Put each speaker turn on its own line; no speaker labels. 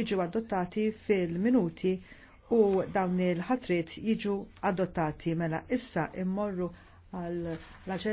jiġu adottati fil-minuti u dawn il-ħatrit jiġu adottati mela issa immorru għal l